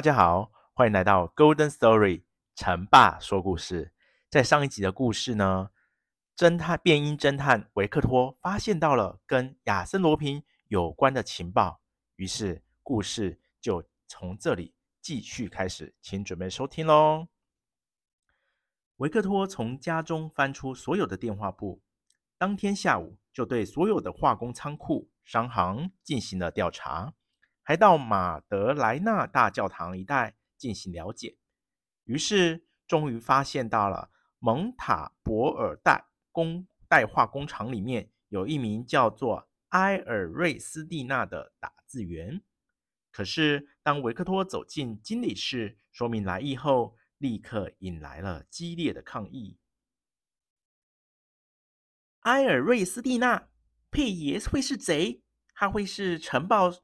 大家好，歡迎來到 Golden Story，陳爸說故事。在上一集的故事呢，偵探變音偵探維克托發現到了跟亞森羅蘋有關的情報，於是故事就從這裡繼續開始，請準備收聽嘍。維克托從家中翻出所有的電話簿，當天下午就對所有的化工倉庫、商行進行了調查。來到馬德萊納大教堂一帶進行了解，於是終於發現到了蒙塔博爾代工代化工廠裡面有一名叫做埃爾瑞斯蒂娜的打字員。可是當維克托走進經理室說明來意後，立刻引來了激烈的抗議。埃爾瑞斯蒂娜，佩爺會是賊？他會是晨報？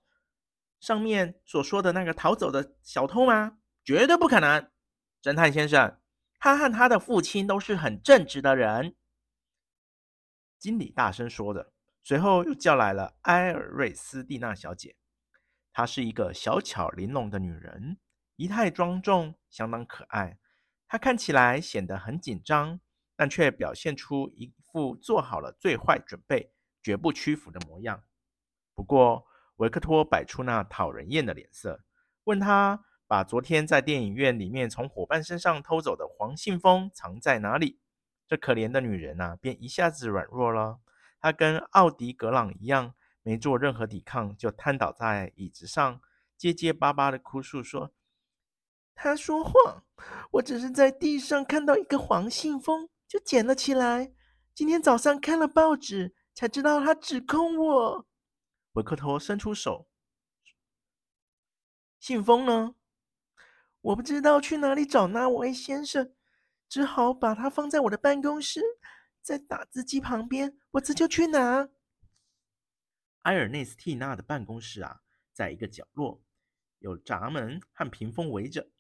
上面所說的那個逃走的小偷嗎？絕對不可能，偵探先生。他和他的父親都是很正直的人。經理大聲說著，隨後又叫來了埃爾瑞斯蒂娜小姐。她是一個小巧玲瓏的女人，儀態莊重，相當可愛。她看起來顯得很緊張，但卻表現出一副做好了最壞準備，絕不屈服的模樣。不過。維克托擺出那討人厭的臉色，問他把昨天在電影院裡面從夥伴身上偷走的黃信封藏在哪裡。這可憐的女人啊，便一下子軟弱了。她跟奧迪格朗一樣，沒做任何抵抗，就癱倒在椅子上，結結巴巴的哭訴說：“她說謊，我只是在地上看到一個黃信封，就撿了起來。今天早上看了報紙，才知道他指控我。”維克托伸出手，信封呢？我不知道去哪裡找那位先生，只好把它放在我的辦公室，在打字機旁邊。我這就去拿。埃爾內斯蒂娜的辦公室啊，在一個角落，有閘門和屏風圍着。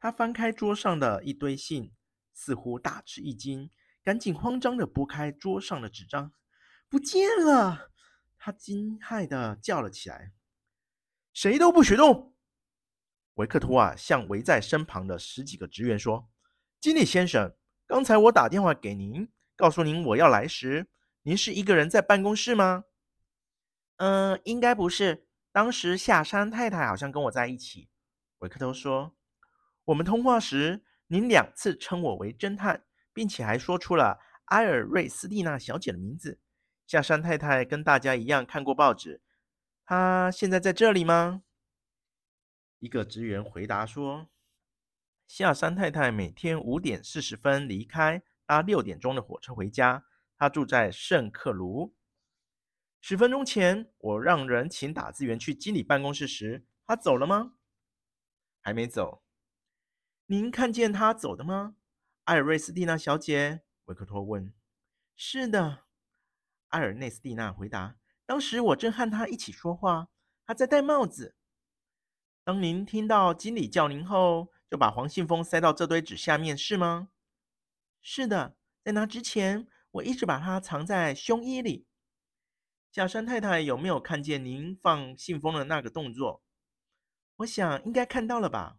他翻開桌上的一堆信，似乎大吃一驚，趕緊慌張地撥開桌上的紙張，不見了。他驚駭的叫了起來：“誰都不許動！”維克托啊，向圍在身旁的十幾個職員說：“經理先生，剛才我打電話給您，告訴您我要來時，您是一個人在辦公室嗎？”“嗯、呃，應該不是。當時下山太太好像跟我在一起。”維克托說：“我們通話時，您兩次稱我為偵探，並且還說出了埃爾瑞斯蒂娜小姐的名字。”夏山太太跟大家一樣看過報紙。她現在在這裡嗎？一個職員回答說：“夏山太太每天五點四十分離開，搭六點鐘的火車回家。她住在聖克盧。十分鐘前，我讓人請打字員去經理辦公室時，她走了嗎？還沒走。您看見她走的嗎，艾瑞斯蒂娜小姐？”維克托問。“是的。”阿爾內斯蒂娜回答：“當時我正和他一起說話，他在戴帽子。當您聽到經理叫您後，就把黃信封塞到這堆紙下面，是嗎？”“是的，在那之前，我一直把它藏在胸衣裡。”“小山太太有沒有看見您放信封的那個動作？”“我想應該看到了吧。”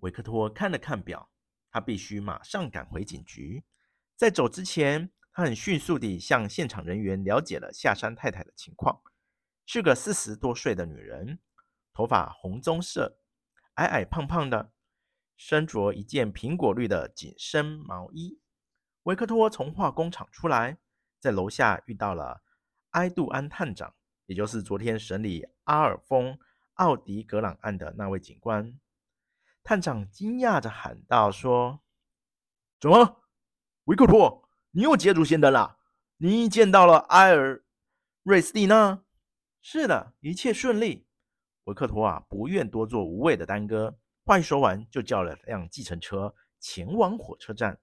維克托看了看表，他必須馬上趕回警局。在走之前。他很迅速地向現場人員了解了下山太太的情況，是個四十多歲的女人，頭髮紅棕色，矮矮胖胖的，身着一件蘋果綠的緊身毛衣。維克托從化工廠出來，在樓下遇到了埃杜安探長，也就是昨天審理阿爾豐奧迪格朗案的那位警官。探長驚訝地喊道：“說，怎麼，維克托？”你又捷足先登了，你見到了埃爾·瑞斯蒂娜。是的，一切順利。維克托啊，不願多做無謂的耽擱。話一說完，就叫了輛計程車前往火車站，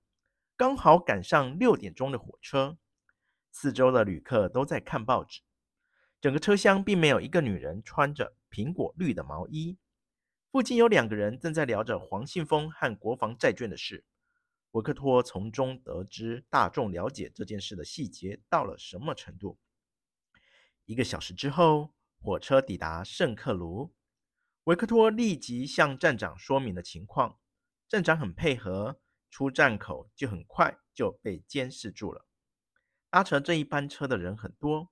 剛好趕上六點鐘的火車。四周的旅客都在看報紙，整個車廂並沒有一個女人穿着蘋果綠的毛衣。附近有兩個人正在聊着黃信封和國防債券的事。維克托從中得知，大眾了解這件事的細節到了什麼程度。一個小時之後，火車抵達聖克盧，維克托立即向站長說明了情況，站長很配合，出站口就很快就被監視住了。搭乘這一班車的人很多，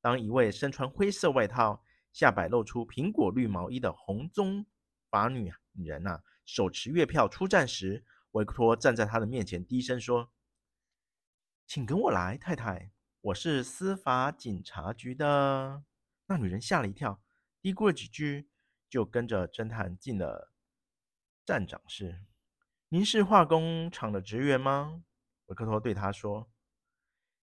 當一位身穿灰色外套、下擺露出蘋果綠毛衣的紅棕髮女人啊，手持月票出站時。維克托站在他的面前，低聲說：“請跟我來，太太，我是司法警察局的。”那女人嚇了一跳，嘀咕了幾句，就跟着偵探進了站長室。“您是化工廠的職員嗎？”維克托對她說，“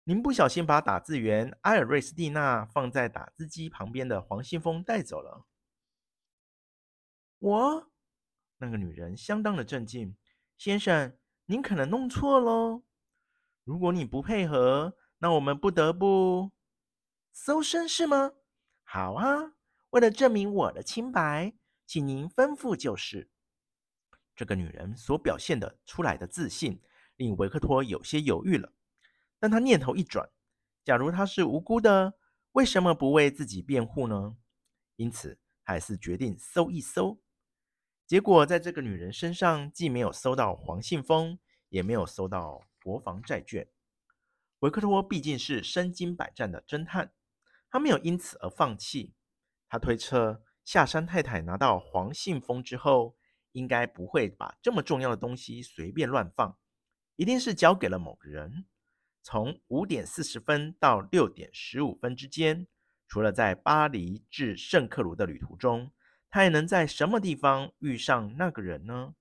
您不小心把打字員埃爾瑞斯蒂娜放在打字機旁邊的黃信封帶走了。”“我……”那個女人相當的震驚。先生，您可能弄錯嘍。如果你不配合，那我們不得不搜身，是嗎？好啊，為了證明我的清白，請您吩咐就是。這個女人所表現的出來的自信，令維克托有些猶豫了。但他念頭一轉，假如她是無辜的，為什麼不為自己辯護呢？因此，還是決定搜一搜。結果，在這個女人身上，既沒有搜到黃信封，也沒有搜到國防債券。維克托畢竟是身經百戰的偵探，他沒有因此而放棄。他推測，下山太太拿到黃信封之後，應該不會把這麼重要的東西隨便亂放，一定是交給了某個人。從五點四十分到六點十五分之間，除了在巴黎至聖克盧的旅途中。他也能在什麼地方遇上那個人呢？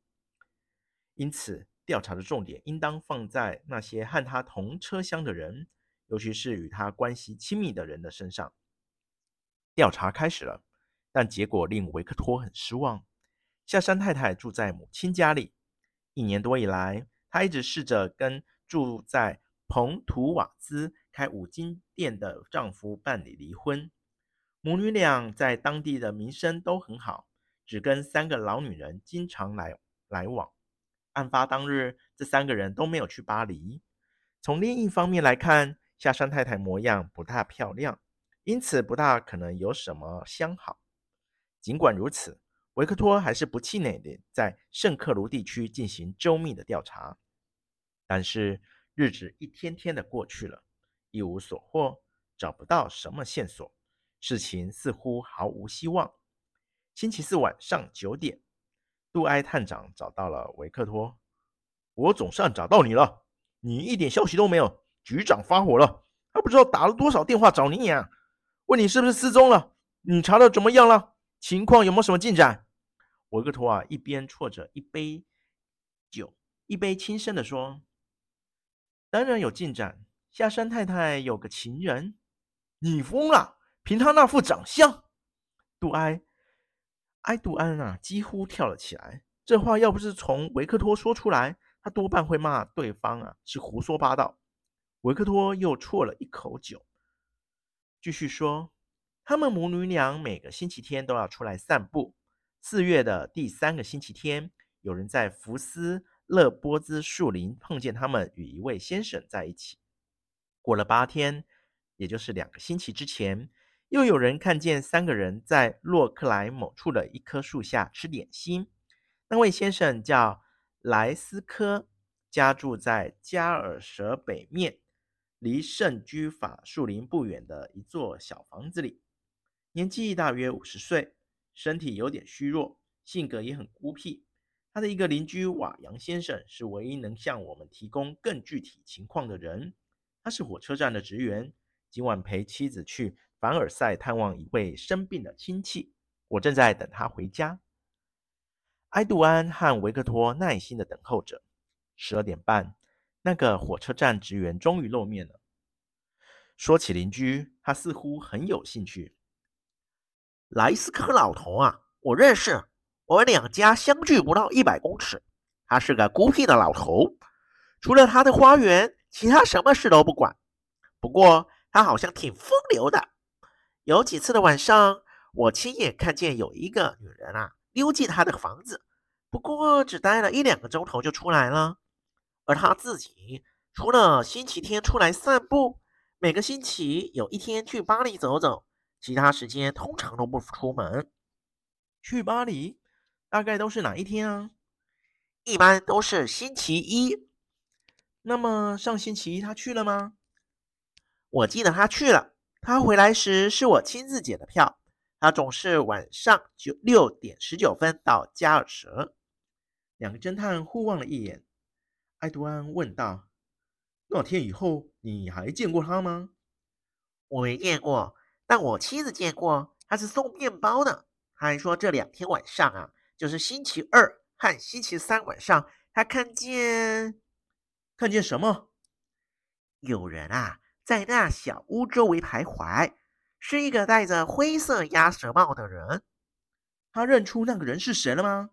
因此，調查的重點應當放在那些和他同車廂的人，尤其是與他關係親密的人的身上。調查開始了，但結果令維克托很失望。下山太太住在母親家裡，一年多以來，她一直試着跟住在彭圖瓦茲開五金店的丈夫辦理離婚。母女倆在當地的名聲都很好，只跟三個老女人經常來來往。案發當日，這三個人都沒有去巴黎。從另一方面來看，下山太太模樣不大漂亮，因此不大可能有什麼相好。儘管如此，維克托還是不氣餒地在聖克盧地區進行周密的調查。但是，日子一天天的過去了，一無所獲，找不到什麼線索。事情似乎毫無希望。星期四晚上九點，杜埃探長找到了維克托。我總算找到你了！你一點消息都沒有。局長發火了，他不知道打了多少電話找你呀、啊，問你是不是失蹤了？你查的怎麼樣了？情況有沒有什麼進展？維克托啊，一邊啜着一杯酒，一邊輕聲的說：“當然有進展。夏山太太有個情人。”你瘋了！憑他那副長相，杜埃，埃杜安娜、啊、幾乎跳了起來。這話要不是從維克托說出來，他多半會罵對方啊，是胡說八道。維克托又啜了一口酒，繼續說：“他們母女倆每個星期天都要出來散步。四月的第三個星期天，有人在福斯勒波茲樹林碰見他們與一位先生在一起。過了八天，也就是兩個星期之前。”又有人看見三個人在洛克萊某處的一棵樹下吃點心。那位先生叫萊斯科，家住在加爾舍北面，離聖居法樹林不遠的一座小房子裡。年紀大約五十歲，身體有點虛弱，性格也很孤僻。他的一個鄰居瓦楊先生是唯一能向我們提供更具體情況的人。他是火車站的職員，今晚陪妻子去凡爾賽探望一位生病的親戚，我正在等他回家。埃杜安和維克托耐心的等候着。十二點半，那個火車站職員終於露面了。說起鄰居，他似乎很有興趣。萊斯科老頭啊，我認識，我們兩家相距不到一百公尺。他是個孤僻的老頭，除了他的花園，其他什麼事都不管。不過他好像挺風流的。有幾次的晚上，我親眼看見有一個女人啊溜進他的房子，不過只待了一兩個鐘頭就出來了。而他自己除了星期天出來散步，每個星期有一天去巴黎走走，其他時間通常都不出門。去巴黎大概都是哪一天啊？一般都是星期一。那麼上星期一他去了嗎？我記得他去了。他回來時是我親自檢的票。他總是晚上九六點十九分到加爾什。兩個偵探互望了一眼，埃杜安問道：“那天以後你還見過他嗎？”“我沒見過，但我親自見過。他是送面包的。他還說這兩天晚上啊，就是星期二和星期三晚上，他看見看見什麼？有人啊。”在那小屋周圍徘徊，是一個戴着灰色鴨舌帽的人。他認出那個人是誰了嗎？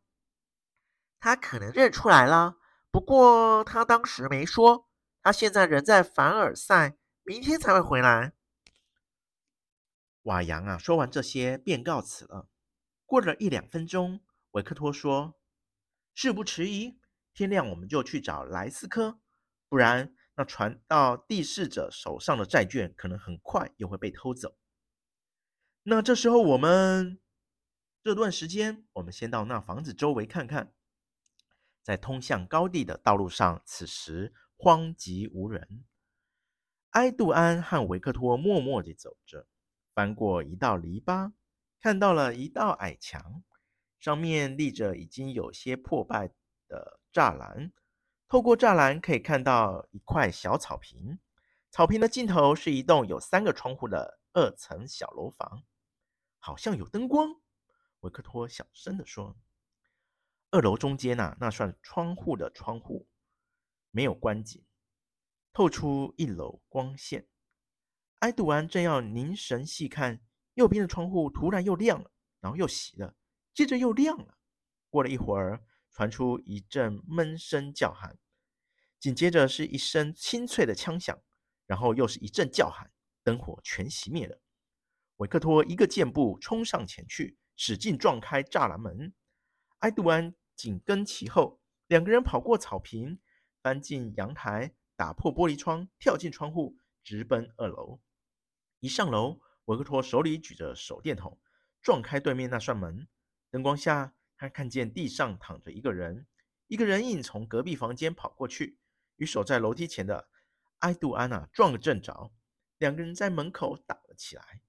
他可能認出來了，不過他當時沒說。他現在人在凡爾賽，明天才會回來。瓦揚啊，說完這些便告辭了。過了一兩分鐘，維克托說：“事不遲疑，天亮我們就去找萊斯科，不然……”那傳到第四者手上的債券，可能很快又會被偷走。那這時候，我們這段時間，我們先到那房子周圍看看。在通向高地的道路上，此時荒寂無人。埃杜安和維克托默默地走着，翻過一道籬笆，看到了一道矮牆，上面立着已經有些破敗的柵欄。透過柵欄可以看到一塊小草坪，草坪的盡頭是一棟有三個窗戶的二層小樓房，好像有燈光。維克托小聲地說：“二樓中間、啊、那那扇窗戶的窗戶沒有關緊，透出一縷光線。”埃杜安正要凝神細看，右邊的窗戶突然又亮了，然後又熄了，接着又亮了。過了一會兒。傳出一陣悶聲叫喊，緊接着是一聲清脆的槍響，然後又是一陣叫喊，燈火全熄滅了。維克托一個箭步衝上前去，使勁撞開柵欄門，埃杜安緊跟其後，兩個人跑過草坪，翻進陽台，打破玻璃窗，跳進窗戶，直奔二樓。一上樓，維克托手裡舉着手電筒，撞開對面那扇門，燈光下。他看見地上躺着一個人，一個人影從隔壁房間跑過去，與守在樓梯前的埃杜安娜撞個正着，兩個人在門口打了起來。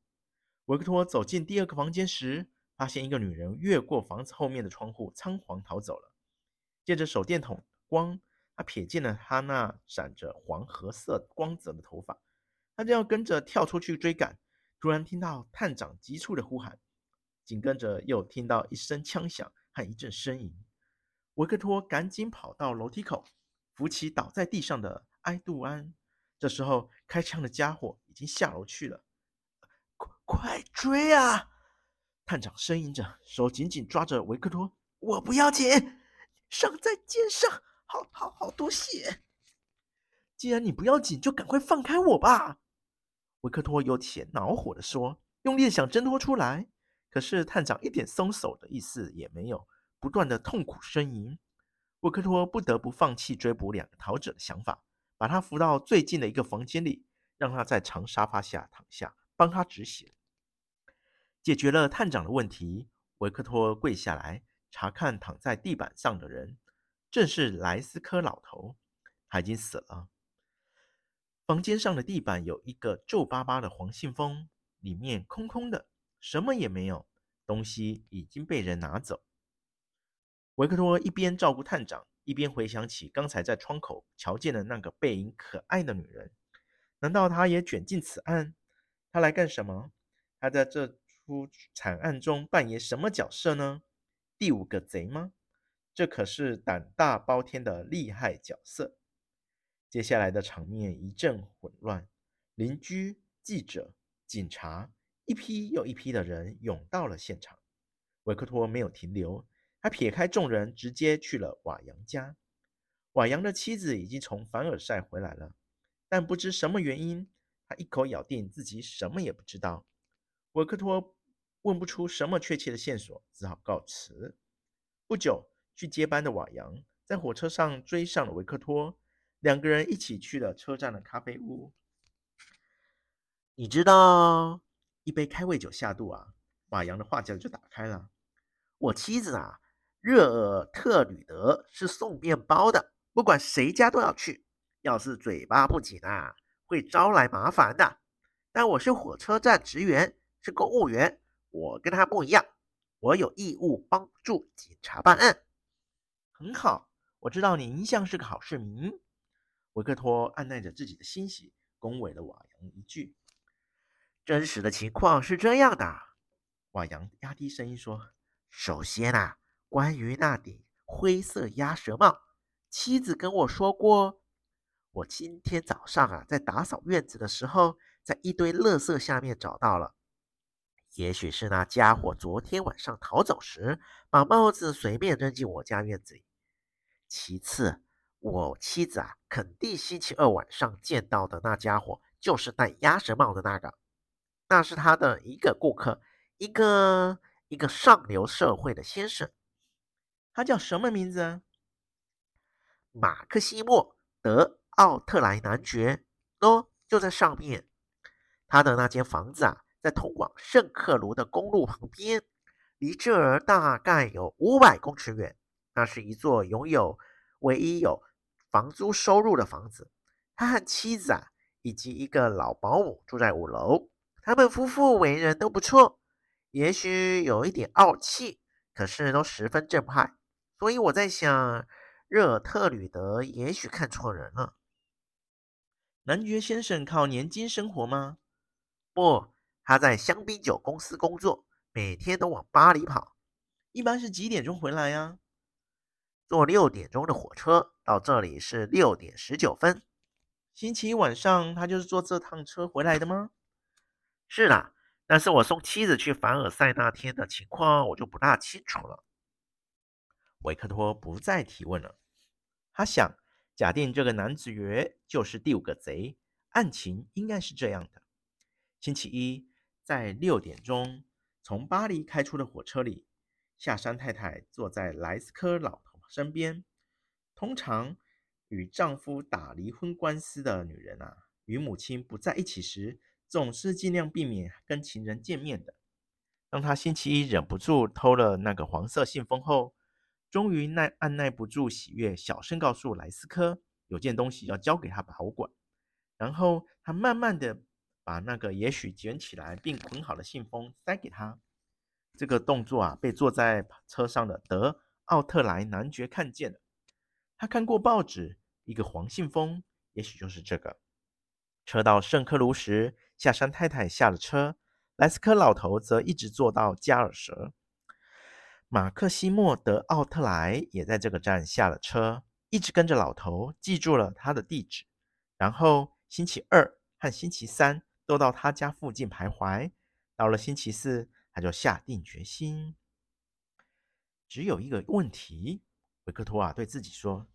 維克托走進第二個房間時，發現一個女人越過房子後面的窗戶倉皇逃走了。借着手電筒光，他瞥見了她那閃着黃褐色光澤的頭髮，他正要跟着跳出去追趕，突然聽到探長急促的呼喊，緊跟着又聽到一聲槍響。“喊一陣呻吟。”維克托趕緊跑到樓梯口，扶起倒在地上的埃杜安。這時候，開槍的家伙已經下樓去了。“快，快追啊！”探長呻吟着，手緊緊抓着維克托。“我不要緊，傷在肩上，好，好，好多血。既然你不要緊，就趕快放開我吧。”維克托有點惱火地說，用力想掙脫出來。可是，探長一點鬆手的意思也沒有，不斷的痛苦呻吟。維克托不得不放棄追捕兩個逃者的想法，把他扶到最近的一個房間裡，讓他在長沙發下躺下，幫他止血。解決了探長的問題，維克托跪下來查看躺在地板上的人，正是萊斯科老頭，他已經死了。房間上的地板有一個皺巴巴的黃信封，裡面空空的。什麼也沒有，東西已經被人拿走。維克托一邊照顧探長，一邊回想起剛才在窗口瞧見的那個背影可愛的女人。難道她也捲進此案？她來幹什麼？她在這出慘案中扮演什麼角色呢？第五個賊嗎？這可是膽大包天的厲害角色。接下來的場面一陣混亂，鄰居、記者、警察。一批又一批的人湧到了現場，維克托沒有停留，他撇開眾人，直接去了瓦揚家。瓦揚的妻子已經從凡爾賽回來了，但不知什麼原因，他一口咬定自己什麼也不知道。維克托問不出什麼確切的線索，只好告辭。不久，去接班的瓦揚在火車上追上了維克托，兩個人一起去了車站的咖啡屋。你知道。一杯開胃酒下肚啊，瓦揚的話匣就打開了。我妻子啊，熱爾特呂德是送麵包的，不管誰家都要去。要是嘴巴不緊啊，會招來麻煩的。但我是火車站職員，是公務員，我跟她不一樣。我有義務幫助警察辦案。很好，我知道您一向是個好市民。維克托按捺着自己的欣喜，恭維了瓦揚一句。真實的情況是這樣的，瓦揚壓低聲音說：“首先吶、啊，關於那頂灰色鴨舌帽，妻子跟我說過，我今天早上啊在打掃院子的時候，在一堆垃圾下面找到了。也許是那家伙昨天晚上逃走時把帽子隨便扔進我家院子裡。其次，我妻子啊肯定星期二晚上見到的那家伙就是戴鴨舌帽的那個。”那是他的一個顧客，一個一個上流社會的先生，他叫什麼名字啊？馬克西莫·德·奧特萊男爵，喏、哦，就在上面。他的那間房子啊，在通往聖克盧的公路旁邊，離這兒大概有五百公尺遠。那是一座擁有唯一有房租收入的房子。他和妻子啊，以及一個老保姆住在五樓。他們夫婦為人都不錯，也許有一點傲氣，可是都十分正派。所以我在想，熱特呂德也許看錯人了。男爵先生靠年金生活嗎？不，他在香檳酒公司工作，每天都往巴黎跑。一般是幾點鐘回來呀、啊？坐六點鐘的火車到這裡是六點十九分。星期一晚上他就是坐這趟車回來的嗎？是啦，但是我送妻子去凡爾賽那天的情況，我就不大清楚了。維克托不再提問了。他想，假定這個男子爵就是第五個賊，案情應該是這樣的：星期一在六點鐘，從巴黎開出的火車裡，夏山太太坐在萊斯科老頭身邊。通常與丈夫打離婚官司的女人啊，與母親不在一起時。總是盡量避免跟情人見面的，當他星期一忍不住偷了那個黃色信封後，終於耐，按捺不住喜悅，小聲告訴萊斯科有件東西要交給他保管，然後他慢慢的把那個也許捲起來並捆好的信封塞給他，這個動作啊被坐在車上的德奧特萊男爵看見了，他看過報紙，一個黃信封也許就是這個，車到聖克盧時。下山太太下了車，萊斯科老頭則一直坐到加爾什。馬克西莫德奧特萊也在這個站下了車，一直跟着老頭，記住了他的地址。然後星期二和星期三都到他家附近徘徊。到了星期四，他就下定決心。只有一個問題，維克托爾對自己說：“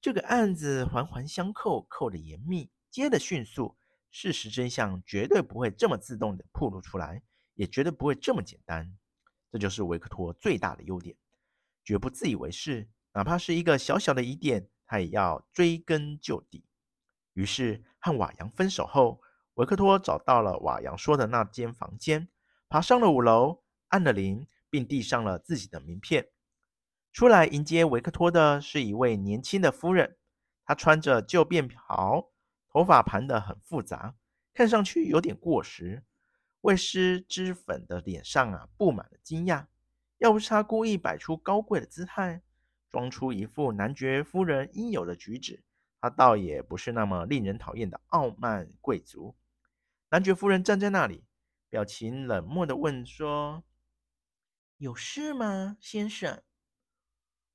這個案子環環相扣，扣得嚴密，接得迅速。”事實真相絕對不會這麼自動地暴露出來，也絕對不會這麼簡單。這就是維克托最大的優點，絕不自以為是。哪怕是一個小小的疑點，他也要追根究底。於是，和瓦揚分手後，維克托找到了瓦揚說的那間房間，爬上了五樓，按了鈴，並遞上了自己的名片。出來迎接維克托的是一位年輕的夫人，她穿着舊便袍。頭髮盤得很複雜，看上去有點過時。未施脂粉的臉上啊，布滿了驚訝。要不是他故意擺出高貴的姿態，裝出一副男爵夫人應有的舉止，他倒也不是那麼令人討厭的傲慢貴族。男爵夫人站在那裡，表情冷漠地問說：“有事嗎，先生？”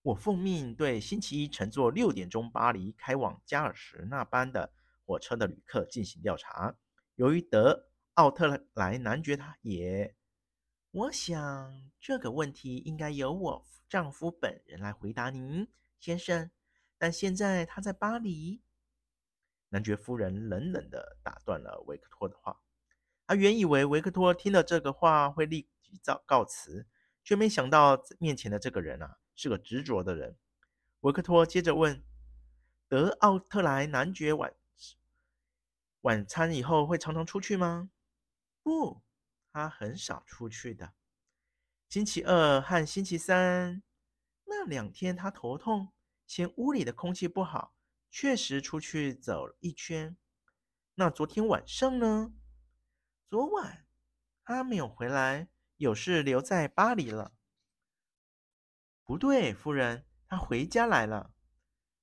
我奉命對星期一乘坐六點鐘巴黎開往加爾什那班的。火車的旅客進行調查。由於德奧特萊男爵，他也，我想這個問題應該由我丈夫本人來回答您，先生。但現在他在巴黎。男爵夫人冷冷地打斷了維克托的話。他原以為維克托聽了這個話會立即告告辭，卻沒想到面前的這個人啊是個執着的人。維克托接着問：“德奧特萊男爵晚。”晚餐以後會常常出去嗎？不，他很少出去的。星期二和星期三，那兩天他頭痛，嫌屋裡的空氣不好，確實出去走了一圈。那昨天晚上呢？昨晚，他沒有回來，有事留在巴黎了。不對，夫人，他回家來了。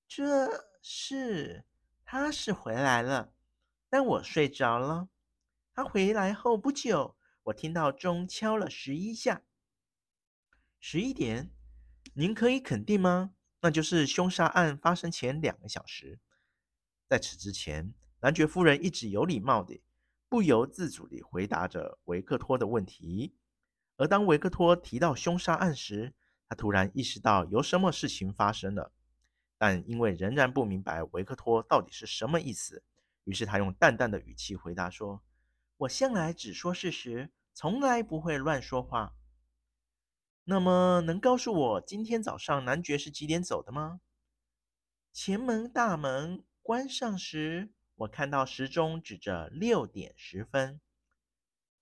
這是，他是回來了。但我睡着了。他回來後不久，我聽到鐘敲了十一下。十一點，您可以肯定嗎？那就是凶殺案發生前兩個小時。在此之前，男爵夫人一直有禮貌的、不由自主地回答着維克托的問題。而當維克托提到凶殺案時，他突然意識到有什麼事情發生了，但因為仍然不明白維克托到底是什麼意思。於是他用淡淡的語氣回答說：“我向來只說事實，從來不會亂說話。那麼，能告訴我今天早上男爵是幾點走的嗎？前門大門關上時，我看到時鐘指着六點十分。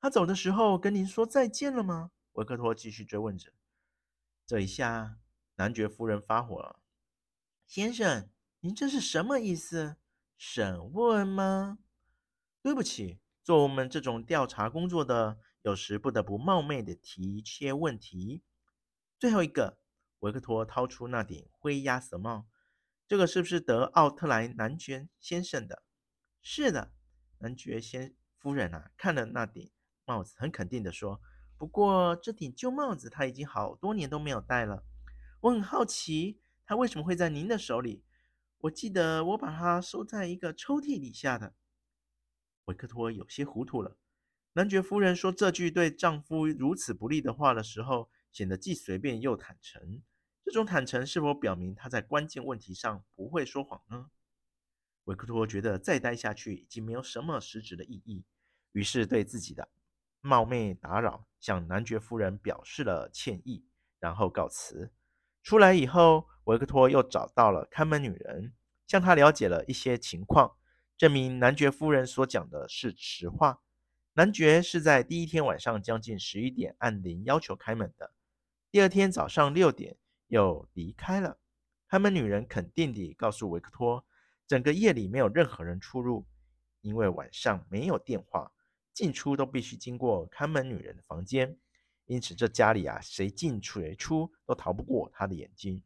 他走的時候跟您說再見了嗎？”維克托繼續追問着。這一下，男爵夫人發火了：“先生，您這是什麼意思？”審問嗎？對不起，做我們這種調查工作的，有時不得不冒昧的提一些問題。最後一個，維克托掏出那頂灰鴨舌帽，這個是不是德奧特萊男爵先生的？是的，男爵先夫人啊，看了那頂帽子，很肯定地說，不過這頂舊帽子他已經好多年都沒有戴了。我很好奇，它為什麼會在您的手裡？我記得我把它收在一個抽屜底下的。維克托有些糊塗了。男爵夫人說這句對丈夫如此不利的話的時候，顯得既隨便又坦誠。這種坦誠是否表明他在關鍵問題上不會說謊呢？維克托覺得再待下去已經沒有什麼實質的意義，於是對自己的冒昧打擾向男爵夫人表示了歉意，然後告辭。出來以後，維克托又找到了看門女人，向她了解了一些情況，證明男爵夫人所講的是實話。男爵是在第一天晚上將近十一點按鈴要求開門的，第二天早上六點又離開了。看門女人肯定地告訴維克托，整個夜裡沒有任何人出入，因為晚上沒有電話，進出都必須經過看門女人的房間。因此，這家裡啊，誰進誰出，出都逃不過他的眼睛。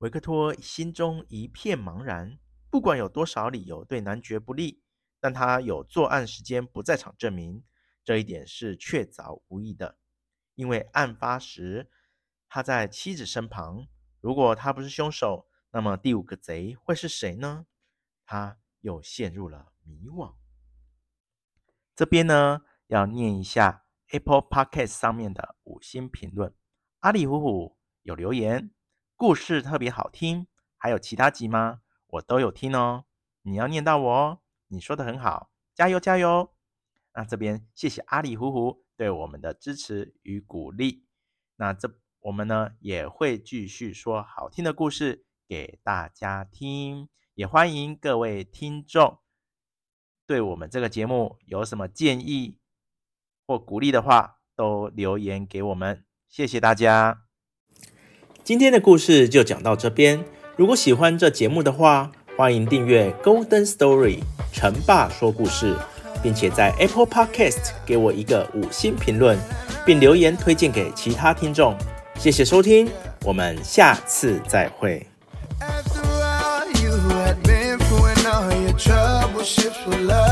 維克托心中一片茫然。不管有多少理由對男爵不利，但他有作案時間不在場證明，這一點是確鑿無疑的。因為案發時他在妻子身旁。如果他不是兇手，那麼第五個賊會是誰呢？他又陷入了迷惘。這邊呢，要念一下。Apple Podcast 上面的五星評論，阿里虎虎有留言，故事特別好聽，還有其他集嗎？我都有聽哦，你要念到我哦，你說得很好，加油加油！那這邊謝謝阿里虎虎對我們的支持與鼓勵，那這我們呢也會繼續說好聽的故事給大家聽，也歡迎各位聽眾對我們這個節目有什麼建議。或鼓勵的話都留言給我們，謝謝大家。今天的故事就講到這邊。如果喜歡這節目的話，歡迎訂閱 Golden Story 陳爸說故事，並且在 Apple Podcast 給我一個五星評論，並留言推薦給其他聽眾。謝謝收聽，我們下次再會。